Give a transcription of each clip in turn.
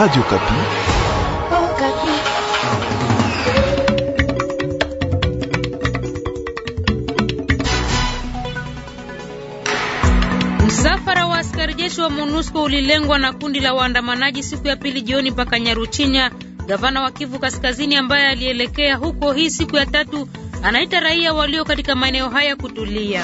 Radio Kapi. Msafara wa askari jeshi wa MONUSCO ulilengwa na kundi la waandamanaji siku ya pili jioni mpaka Nyaruchinya. Gavana wa Kivu Kaskazini ambaye alielekea huko hii siku ya tatu anaita raia walio katika maeneo haya kutulia.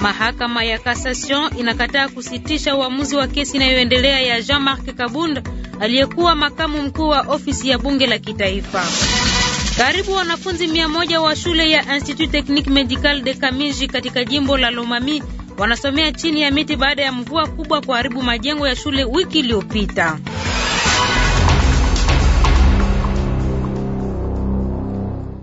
Mahakama ya Cassation inakataa kusitisha uamuzi wa kesi inayoendelea ya Jean-Marc Kabund aliyekuwa makamu mkuu wa ofisi ya bunge la kitaifa. Karibu wanafunzi mia moja wa shule ya Institut Technique Medical de Kamiji katika jimbo la Lomami wanasomea chini ya miti baada ya mvua kubwa kuharibu majengo ya shule wiki iliyopita.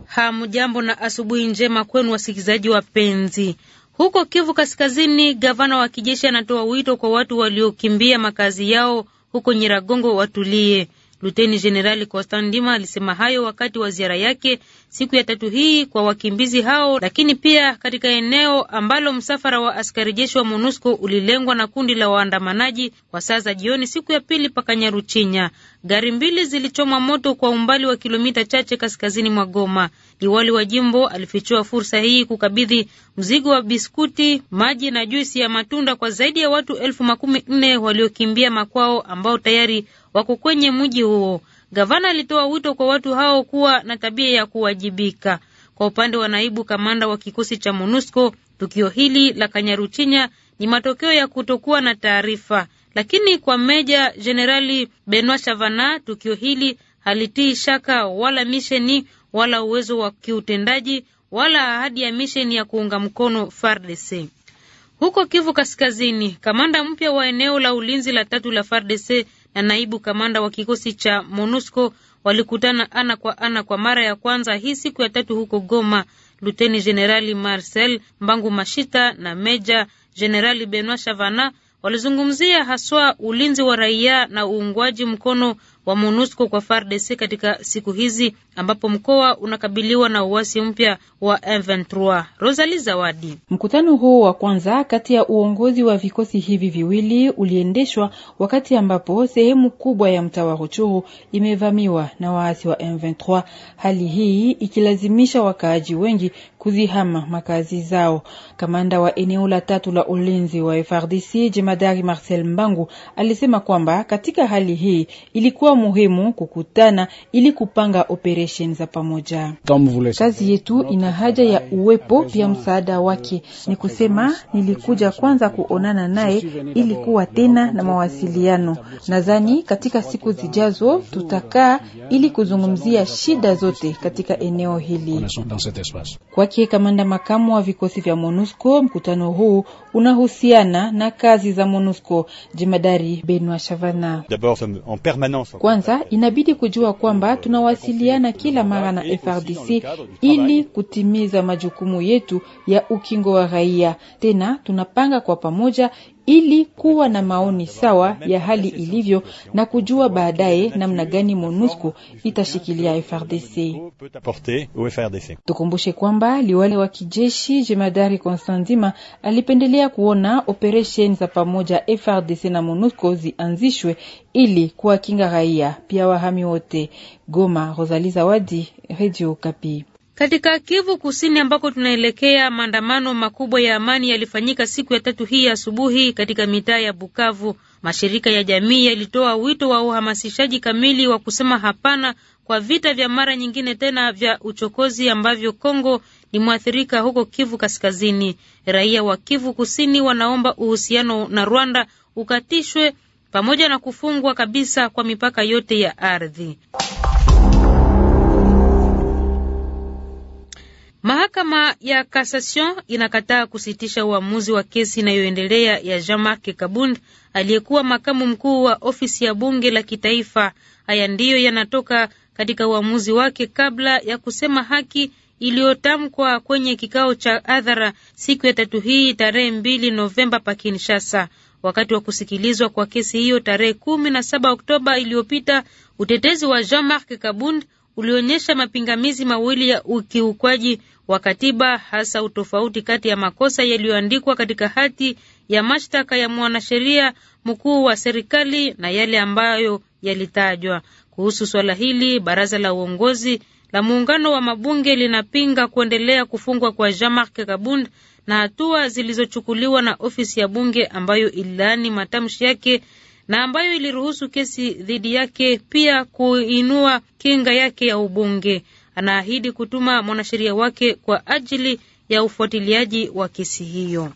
Hamjambo na asubuhi njema kwenu wasikilizaji wapenzi. Huko Kivu Kaskazini, gavana wa kijeshi anatoa wito kwa watu waliokimbia makazi yao huko Nyiragongo watulie. Luteni Jenerali Constant Ndima alisema hayo wakati wa ziara yake siku ya tatu hii kwa wakimbizi hao, lakini pia katika eneo ambalo msafara wa askari jeshi wa MONUSCO ulilengwa na kundi la waandamanaji kwa saa za jioni siku ya pili paka nyaruchinya Gari mbili zilichomwa moto kwa umbali wa kilomita chache kaskazini mwa Goma. Liwali wa jimbo alifichua fursa hii kukabidhi mzigo wa biskuti, maji na juisi ya matunda kwa zaidi ya watu elfu makumi nne waliokimbia makwao ambao tayari wako kwenye mji huo. Gavana alitoa wito kwa watu hao kuwa na tabia ya kuwajibika. Kwa upande wa naibu kamanda wa kikosi cha MONUSCO, tukio hili la Kanyaruchinya ni matokeo ya kutokuwa na taarifa, lakini kwa meja jenerali Benoit Chavana, tukio hili halitii shaka wala misheni wala uwezo wa kiutendaji wala ahadi ya misheni ya kuunga mkono FARDC. Huko Kivu Kaskazini, kamanda mpya wa eneo la ulinzi la tatu la FARDC na naibu kamanda wa kikosi cha MONUSCO walikutana ana kwa ana kwa mara ya kwanza hii siku ya tatu huko Goma. Luteni Jenerali Marcel Mbangu Mashita na Meja Jenerali Benoit Chavana walizungumzia haswa ulinzi wa raia na uungwaji mkono wa MONUSCO kwa FARDC katika siku hizi ambapo mkoa unakabiliwa na uasi mpya wa M23. Rosalie Zawadi. Mkutano huo wa kwanza kati ya uongozi wa vikosi hivi viwili uliendeshwa wakati ambapo sehemu kubwa ya mtaa wa Ruchuru imevamiwa na waasi wa M23, hali hii ikilazimisha wakaaji wengi kuzihama makazi zao. Kamanda wa eneo la tatu la ulinzi wa frdc jemadari Marcel Mbangu alisema kwamba katika hali hii ilikuwa muhimu kukutana ili kupanga operesheni za pamoja. Kazi yetu ina haja ya uwepo pia msaada wake. Ni kusema nilikuja kwanza kuonana naye ili kuwa tena na mawasiliano. Nadhani katika siku zijazo tutakaa ili kuzungumzia shida zote katika eneo hili kwa kwake kamanda makamu wa vikosi vya MONUSCO, mkutano huu unahusiana na kazi za MONUSCO. Jemadari Benwa Shavana: kwanza inabidi kujua kwamba tunawasiliana kila mara na FRDC ili kutimiza majukumu yetu ya ukingo wa raia. Tena tunapanga kwa pamoja ili kuwa na maoni sawa ya hali ilivyo na kujua baadaye namna gani MONUSCO itashikilia FRDC. Tukumbushe kwamba liwale wa kijeshi jemadari Konstantima alipendelea kuona operesheni za pamoja FRDC na MONUSCO zianzishwe ili kuwakinga raia pia wahami wote. Goma, Rosalie Zawadi, Radio Kapi. Katika Kivu Kusini ambako tunaelekea, maandamano makubwa ya amani yalifanyika siku ya tatu hii asubuhi katika mitaa ya Bukavu. Mashirika ya jamii yalitoa wito wa uhamasishaji kamili wa kusema hapana kwa vita vya mara nyingine tena vya uchokozi ambavyo Kongo ni mwathirika huko Kivu Kaskazini. Raia wa Kivu Kusini wanaomba uhusiano na Rwanda ukatishwe pamoja na kufungwa kabisa kwa mipaka yote ya ardhi. Mahakama ya Cassation inakataa kusitisha uamuzi wa kesi inayoendelea ya Jean Marc Kabund aliyekuwa makamu mkuu wa ofisi ya bunge la kitaifa. Haya ndiyo yanatoka katika uamuzi wake kabla ya kusema haki iliyotamkwa kwenye kikao cha hadhara siku ya tatu hii tarehe mbili Novemba pa Kinshasa. Wakati wa kusikilizwa kwa kesi hiyo tarehe kumi na saba Oktoba iliyopita, utetezi wa Jean Marc Kabund ulionyesha mapingamizi mawili ya ukiukwaji wa katiba, hasa utofauti kati ya makosa yaliyoandikwa katika hati ya mashtaka ya mwanasheria mkuu wa serikali na yale ambayo yalitajwa. Kuhusu swala hili, baraza la uongozi la muungano wa mabunge linapinga kuendelea kufungwa kwa Jean-Marc Kabund na hatua zilizochukuliwa na ofisi ya bunge ambayo ililaani matamshi yake na ambayo iliruhusu kesi dhidi yake pia kuinua kinga yake ya ubunge. Anaahidi kutuma mwanasheria wake kwa ajili ya ufuatiliaji wa kesi hiyo.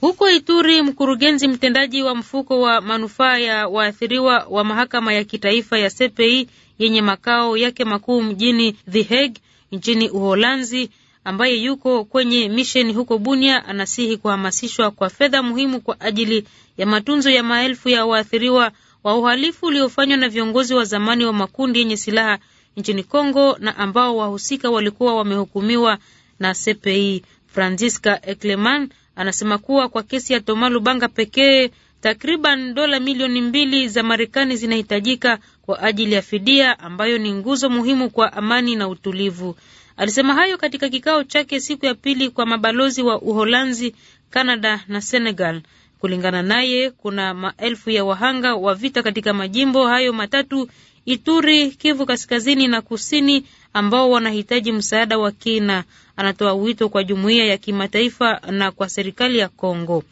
Huko Ituri, mkurugenzi mtendaji wa mfuko wa manufaa ya waathiriwa wa mahakama ya kitaifa ya CPI yenye makao yake makuu mjini The Hague nchini Uholanzi ambaye yuko kwenye misheni huko Bunia anasihi kuhamasishwa kwa fedha muhimu kwa ajili ya matunzo ya maelfu ya waathiriwa wa uhalifu uliofanywa na viongozi wa zamani wa makundi yenye silaha nchini Kongo na ambao wahusika walikuwa wamehukumiwa na CPI. Francisca Ekleman anasema kuwa kwa kesi ya Toma Lubanga pekee takriban dola milioni mbili za Marekani zinahitajika kwa ajili ya fidia ambayo ni nguzo muhimu kwa amani na utulivu. Alisema hayo katika kikao chake siku ya pili kwa mabalozi wa Uholanzi, Kanada na Senegal. Kulingana naye, kuna maelfu ya wahanga wa vita katika majimbo hayo matatu, Ituri, Kivu Kaskazini na Kusini, ambao wanahitaji msaada wa kina. Anatoa wito kwa jumuiya ya kimataifa na kwa serikali ya Kongo.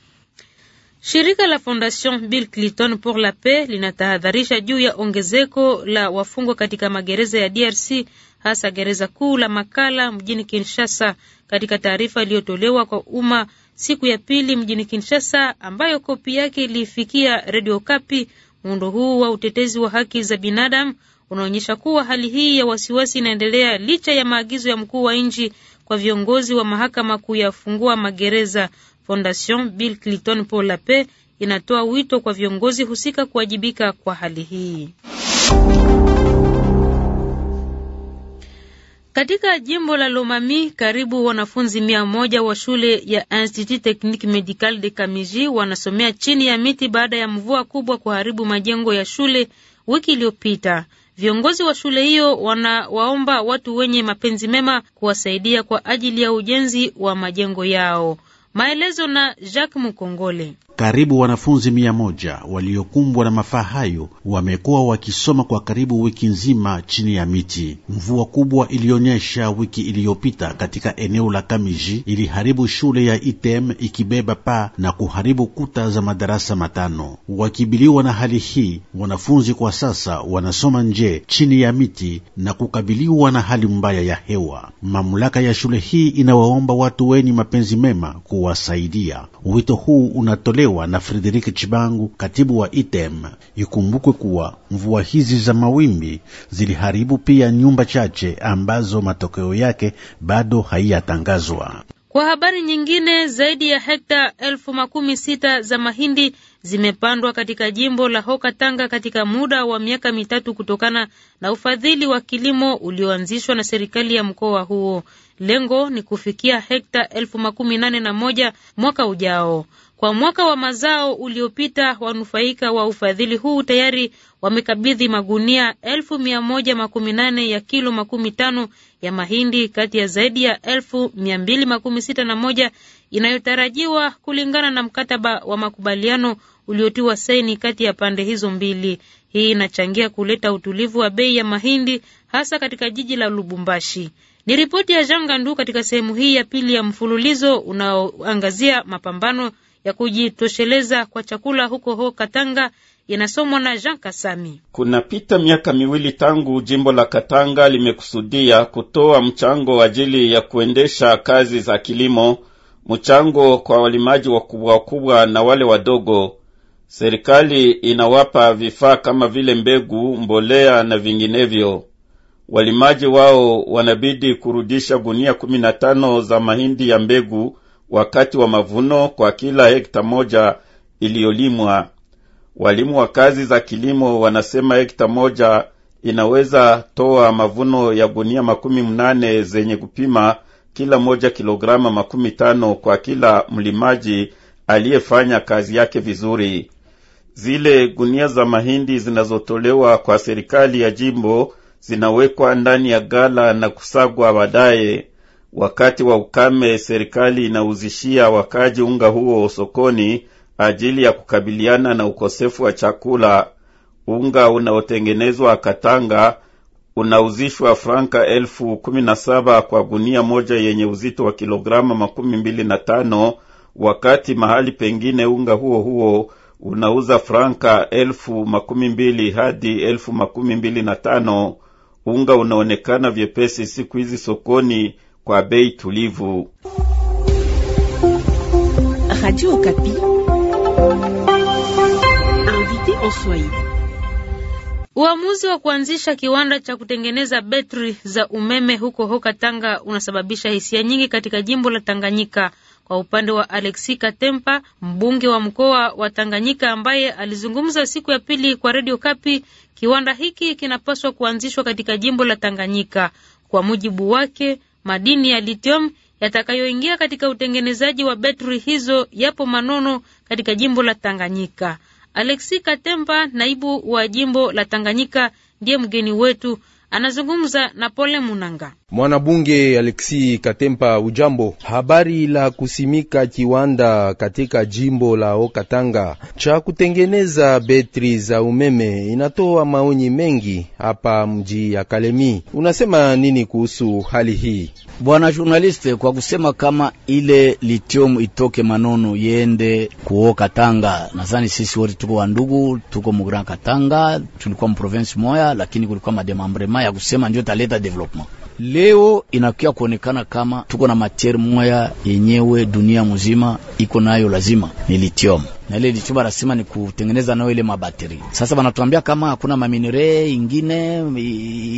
Shirika la Fondation Bill Clinton pour la Paix linatahadharisha juu ya ongezeko la wafungwa katika magereza ya DRC hasa gereza kuu la Makala mjini Kinshasa. Katika taarifa iliyotolewa kwa umma siku ya pili mjini Kinshasa, ambayo kopi yake ilifikia Radio Kapi, muundo huu wa utetezi wa haki za binadamu unaonyesha kuwa hali hii ya wasiwasi inaendelea licha ya maagizo ya mkuu wa nchi kwa viongozi wa mahakama kuyafungua magereza. Fondation Bill Clinton pour la Paix inatoa wito kwa viongozi husika kuwajibika kwa hali hii. Katika jimbo la Lomami karibu wanafunzi mia moja wa shule ya Institut Technique Medical de Kamiji wanasomea chini ya miti baada ya mvua kubwa kuharibu majengo ya shule wiki iliyopita. Viongozi wa shule hiyo wanawaomba watu wenye mapenzi mema kuwasaidia kwa ajili ya ujenzi wa majengo yao. Maelezo na Jacques Mukongole. Karibu wanafunzi mia moja waliokumbwa na mafaa hayo wamekuwa wakisoma kwa karibu wiki nzima chini ya miti. Mvua kubwa iliyonyesha wiki iliyopita katika eneo la Kamiji iliharibu shule ya Item ikibeba paa na kuharibu kuta za madarasa matano. Wakibiliwa na hali hii, wanafunzi kwa sasa wanasoma nje chini ya miti na kukabiliwa na hali mbaya ya hewa. Mamlaka ya shule hii inawaomba watu wenye mapenzi mema kuwasaidia. Wito huu unatole yaliyotolewa na Frederik Chibangu, katibu wa ITEM. Ikumbukwe kuwa mvua hizi za mawimbi ziliharibu pia nyumba chache ambazo matokeo yake bado haiyatangazwa. Kwa habari nyingine, zaidi ya hekta elfu makumi sita za mahindi zimepandwa katika jimbo la Hoka Tanga katika muda wa miaka mitatu kutokana na ufadhili wa kilimo ulioanzishwa na serikali ya mkoa huo. Lengo ni kufikia hekta elfu makumi nane na moja mwaka ujao. Kwa mwaka wa mazao uliopita, wanufaika wa ufadhili huu tayari wamekabidhi magunia elfu mia moja makumi nane ya kilo makumi tano ya mahindi kati ya zaidi ya elfu mia mbili makumi sita na moja inayotarajiwa kulingana na mkataba wa makubaliano uliotiwa saini kati ya pande hizo mbili. Hii inachangia kuleta utulivu wa bei ya mahindi hasa katika jiji la Lubumbashi. Ni ripoti ya Gandu katika sehemu hii ya pili ya mfululizo unaoangazia mapambano ya kujitosheleza kwa chakula huko ho Katanga inasomwa na Jean Kasami. Kunapita miaka miwili tangu jimbo la Katanga limekusudia kutoa mchango ajili ya kuendesha kazi za kilimo, mchango kwa walimaji wakubwa wakubwa na wale wadogo. Serikali inawapa vifaa kama vile mbegu, mbolea na vinginevyo. Walimaji wao wanabidi kurudisha gunia 15 za mahindi ya mbegu wakati wa mavuno kwa kila hekta moja iliyolimwa. Walimu wa kazi za kilimo wanasema hekta moja inaweza toa mavuno ya gunia makumi mnane zenye kupima kila moja kilograma makumi tano kwa kila mlimaji aliyefanya kazi yake vizuri. Zile gunia za mahindi zinazotolewa kwa serikali ya jimbo zinawekwa ndani ya gala na kusagwa baadaye. Wakati wa ukame, serikali inauzishia wakaji unga huo sokoni ajili ya kukabiliana na ukosefu wa chakula. Unga unaotengenezwa Katanga unauzishwa franka elfu kumi na saba kwa gunia moja yenye uzito wa kilograma makumi mbili na tano wakati mahali pengine unga huo huo unauza franka elfu makumi mbili hadi elfu makumi mbili na tano. Unga unaonekana vyepesi siku hizi sokoni kwa bei tulivu. Radio Okapi Uamuzi wa kuanzisha kiwanda cha kutengeneza betri za umeme huko Hoka Tanga unasababisha hisia nyingi katika jimbo la Tanganyika. Kwa upande wa Alexi Katempa, mbunge wa mkoa wa Tanganyika, ambaye alizungumza siku ya pili kwa radio Kapi, kiwanda hiki kinapaswa kuanzishwa katika jimbo la Tanganyika. Kwa mujibu wake, Madini ya lithium yatakayoingia katika utengenezaji wa betri hizo yapo Manono katika jimbo la Tanganyika. Alexi katemba naibu wa jimbo la Tanganyika, ndiye mgeni wetu, anazungumza na Pole Munanga. Mwanabunge Alexi Katempa, ujambo. Habari la kusimika kiwanda katika jimbo la Okatanga cha kutengeneza betri za umeme inatoa maoni mengi hapa mji ya Kalemi. Unasema nini kuhusu hali hii, bwana journaliste? Kwa kusema kama ile litium itoke Manono yende kuoka Tanga, nadhani sisi wote tuko wandugu, tuko mu Grand Katanga, tulikuwa mprovensi moya, lakini kulikuwa mademambrema ya kusema ndio taleta development leo inakia kuonekana kama tuko na materi moya yenyewe dunia mzima iko nayo lazima ni lithium na ile lichumba rasima ni kutengeneza nao ile mabateri. Sasa wanatuambia kama hakuna maminere ingine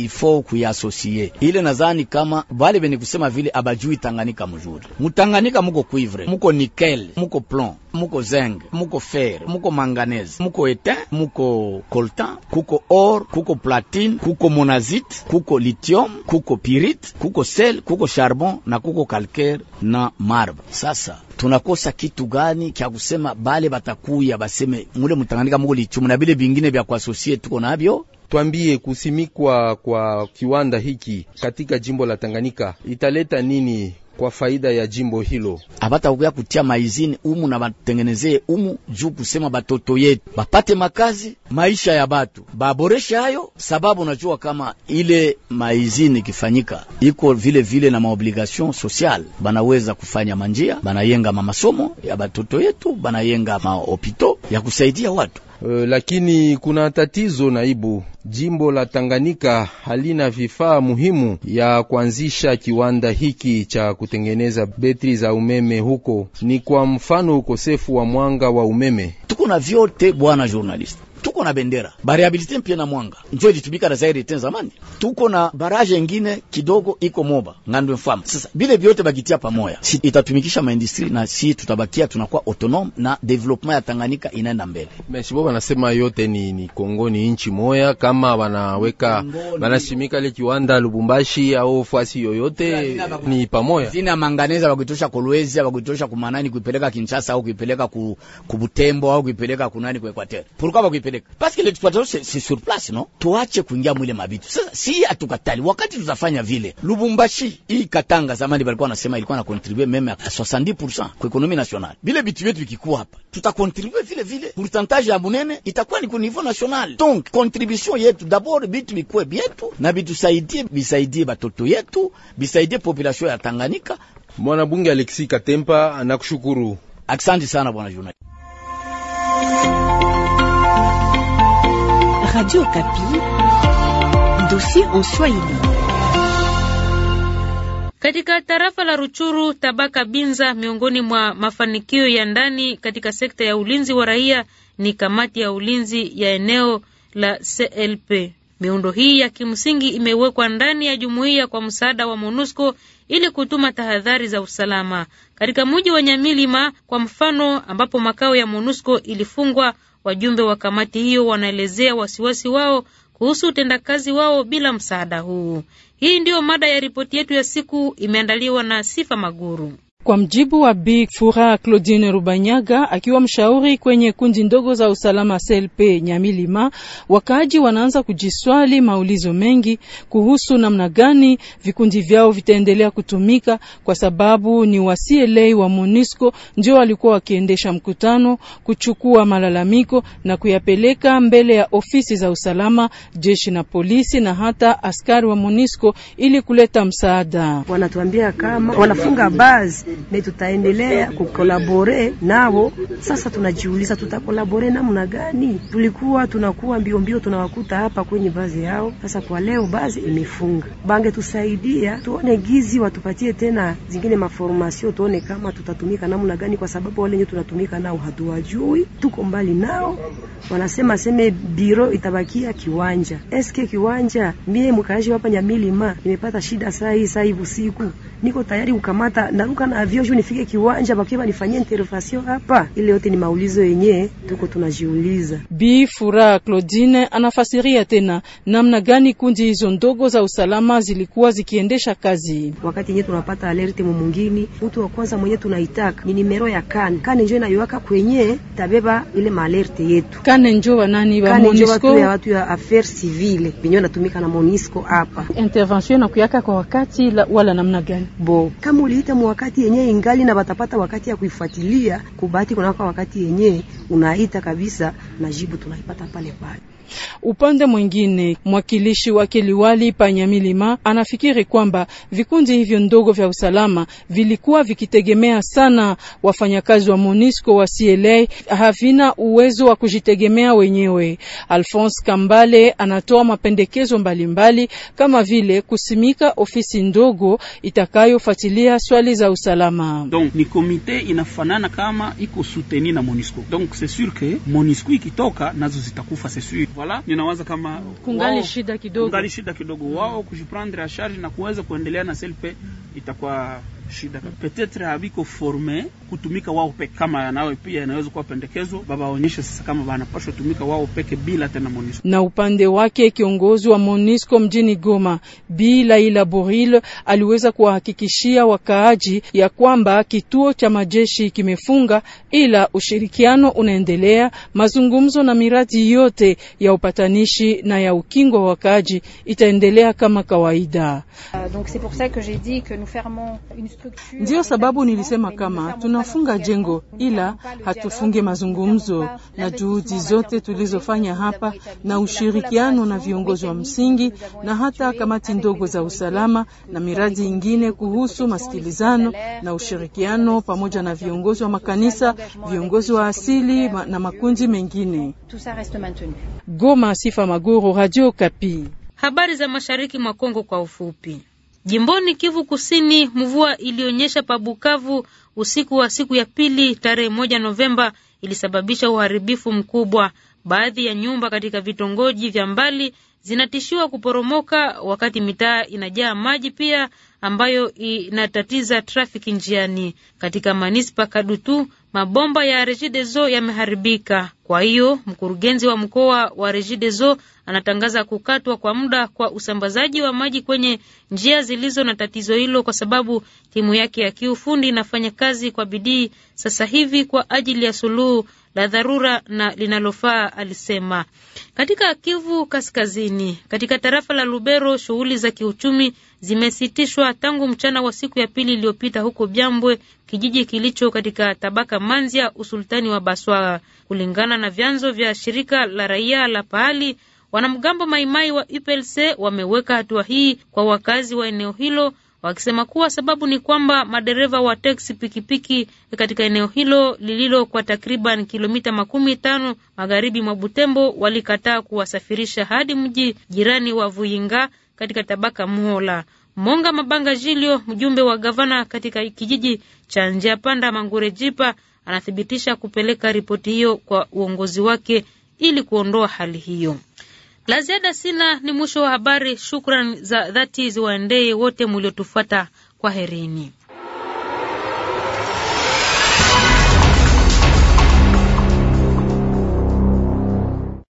ifo kuyasosie ile, nadhani kama bale beni kusema vile abajui Tanganyika mzuri. Mutanganika muko cuivre, muko nikel muko plon, muko zeng muko fer, muko manganese, muko etain, muko coltan, kuko or, kuko platine, kuko monazite, kuko lithium, kuko pirite kuko sel, kuko charbon na kuko calcaire na marbre. Sasa tunakosa kitu gani kya kusema bale batakuya baseme mule mutanganika muko lichumu na bile bingine vya kuasosie tuko navyo Twambie kusimikwa kwa kiwanda hiki katika jimbo la Tanganyika italeta nini kwa faida ya jimbo hilo. Abatakuya kutia maizini umu na batengenezee umu juu kusema batoto yetu bapate makazi, maisha ya batu baboreshe hayo, sababu najua kama ile maizini ikifanyika iko vile vile na maobligation sociale, banaweza kufanya manjia, banayenga mamasomo ya batoto yetu, banayenga maopito ya kusaidia watu e, lakini kuna tatizo naibu. Jimbo la Tanganyika halina vifaa muhimu ya kuanzisha kiwanda hiki cha kutengeneza betri za umeme huko. Ni kwa mfano ukosefu wa mwanga wa umeme. Tuko na vyote bwana journalist tuko na bendera variabilite mpya na mwanga njo ilitumika na zaidi tena zamani. Tuko na baraje ingine kidogo iko Moba ngandwe mfama. Sasa bile vyote bakitia pamoja, si itatumikisha maindustri na si tutabakia tunakuwa autonome na development ya Tanganyika inaenda mbele. Meshibo wanasema yote ni, ni Kongo ni nchi moya, kama wanaweka wanasimika ile kiwanda Lubumbashi au fasi yoyote ni pamoja, zina manganeza wakitosha Kolwezi wakitosha kumanani kuipeleka Kinshasa au kuipeleka ku, kubutembo au kuipeleka kunani kwa Equateur. Pourquoi wakipeleka Parce que l'exploitation c'est sur place non, tuache kuingia mwile mabitu. Sasa si atukatali wakati tutafanya vile. Lubumbashi hii Katanga zamani balikuwa nasema ilikuwa na contribue meme 70% kwa ekonomi nationale. Bile bitu vyetu vikikuwa hapa, tutakontribue vile vile, pourcentage ya bunene itakuwa ni ku niveau national. Donc contribution yetu d'abord, bitu bikuwe byetu na bitusaidie, bisaidie batoto yetu, bisaidie population ya Tanganyika. Mwana bunge Alexis Katempa anakushukuru. aksanti sana bwana journalist. Radio Kapi, dossier en Swahili. Katika tarafa la Ruchuru, tabaka Binza, miongoni mwa mafanikio ya ndani katika sekta ya ulinzi wa raia ni kamati ya ulinzi ya eneo la CLP. Miundo hii ya kimsingi imewekwa ndani ya jumuiya kwa msaada wa MONUSCO ili kutuma tahadhari za usalama katika mji wa Nyamilima, kwa mfano, ambapo makao ya MONUSCO ilifungwa Wajumbe wa kamati hiyo wanaelezea wasiwasi wao kuhusu utendakazi wao bila msaada huu. Hii ndiyo mada ya ripoti yetu ya siku, imeandaliwa na Sifa Maguru. Kwa mjibu wa Bi Fura Claudine Rubanyaga, akiwa mshauri kwenye kundi ndogo za usalama CLP Nyamilima, wakaaji wanaanza kujiswali maulizo mengi kuhusu namna gani vikundi vyao vitaendelea kutumika, kwa sababu ni wa CLA wa MONUSCO ndio walikuwa wakiendesha mkutano kuchukua malalamiko na kuyapeleka mbele ya ofisi za usalama, jeshi na polisi na hata askari wa MONUSCO ili kuleta msaada. Wanatuambia kama wanafunga bazi na tutaendelea kukolabore nao. Sasa tunajiuliza tutakolabore namna gani? Tulikuwa tunakuwa mbio mbio tunawakuta hapa kwenye bazi yao. Sasa kwa leo bazi imefunga, bange tusaidia tuone gizi watupatie tena zingine maformasio, tuone kama tutatumika namna gani, kwa sababu wale wenyewe tunatumika nao hatuwajui, tuko mbali nao. Wanasema seme biro itabakia kiwanja, eske kiwanja. Mie mkaaji hapa Nyamilima imepata shida saa hii, saa hivi usiku niko tayari kukamata naruka na avion avyoshu nifike kiwanja bakiwa nifanyie intervention hapa. Ile yote ni maulizo yenye tuko tunajiuliza. Bi Fura Claudine anafasiria tena namna gani kundi hizo ndogo za usalama zilikuwa zikiendesha kazi. Wakati yenyewe tunapata alert mumungini, mtu wa kwanza mwenye tunaitaka ni nimero ya kan kan njo inayowaka kwenye tabeba ile maalerte yetu kan njo wanani wa Monisco ya watu ya affaires civile binyo natumika na Monisco hapa. Intervention na kuyaka kwa wakati la, wala namna gani bo kama uliita mwakati yenye ingali na batapata wakati ya kuifuatilia kubati kunaka wakati yenye unaita kabisa na jibu tunaipata pale pale. Upande mwingine, mwakilishi wake panya Panyamilima anafikiri kwamba vikundi hivyo ndogo vya usalama vilikuwa vikitegemea sana wafanyakazi wa MONUSCO wa CLA, havina uwezo wa kujitegemea wenyewe. Alphonse Kambale anatoa mapendekezo mbalimbali mbali, kama vile kusimika ofisi ndogo itakayofuatilia swali za usalama. Donc ni komite inafanana kama iko suteni na MONUSCO. Donc c'est sûr que MONUSCO ikitoka nazo zitakufa c'est sûr vala, ninawaza kama kungali wao, shida kidogo, kungali shida kidogo wao kujiprendre a charge na kuweza kuendelea na self itakuwa shida petetre haviko forme kutumika wao peke kama nawe pia inaweza kuwa pendekezo babaonyeshe sasa kama wanapaswa tumika wao peke bila tena Monisco. Na upande wake kiongozi wa Monisco mjini Goma bila ila Boril aliweza kuwahakikishia wakaaji ya kwamba kituo cha majeshi kimefunga, ila ushirikiano unaendelea, mazungumzo na miradi yote ya upatanishi na ya ukingo wa wakaaji itaendelea kama kawaida. Uh, donc c'est pour ça que j'ai dit que nous fermons une Ndiyo sababu nilisema kama tunafunga jengo, ila hatufunge mazungumzo na juhudi zote tulizofanya hapa na ushirikiano na viongozi wa msingi na hata kamati ndogo za usalama na miradi ingine kuhusu masikilizano na ushirikiano pamoja na viongozi wa makanisa, viongozi wa asili na makundi mengine. Goma, Sifa Maguru, Radio Kapi. Habari za mashariki mwa Kongo kwa ufupi. Jimboni Kivu Kusini, mvua iliyonyesha pabukavu usiku wa siku ya pili tarehe moja Novemba ilisababisha uharibifu mkubwa. Baadhi ya nyumba katika vitongoji vya mbali zinatishiwa kuporomoka wakati mitaa inajaa maji pia ambayo inatatiza trafiki njiani. Katika manispa Kadutu, mabomba ya Regideso yameharibika. Kwa hiyo mkurugenzi wa mkoa wa Regideso anatangaza kukatwa kwa muda kwa usambazaji wa maji kwenye njia zilizo na tatizo hilo, kwa sababu timu yake ya kiufundi inafanya kazi kwa bidii sasa hivi kwa ajili ya suluhu la dharura na linalofaa, alisema. Katika Kivu Kaskazini, katika tarafa la Lubero, shughuli za kiuchumi zimesitishwa tangu mchana wa siku ya pili iliyopita huko Byambwe, kijiji kilicho katika tabaka Manzia, usultani wa Baswaa. Kulingana na vyanzo vya shirika la raia la pahali, wanamgambo Maimai wa UPLC wameweka hatua hii kwa wakazi wa eneo hilo wakisema kuwa sababu ni kwamba madereva wa teksi pikipiki katika eneo hilo lililo kwa takriban kilomita makumi tano magharibi mwa Butembo walikataa kuwasafirisha hadi mji jirani wa Vuinga katika tabaka Muhola. Monga Mabanga Jilio, mjumbe wa gavana katika kijiji cha njia panda mangure jipa anathibitisha kupeleka ripoti hiyo kwa uongozi wake ili kuondoa hali hiyo. La ziada sina, ni mwisho wa habari. shukran za dhati ziwaendee wote mliotufuata. Kwaherini.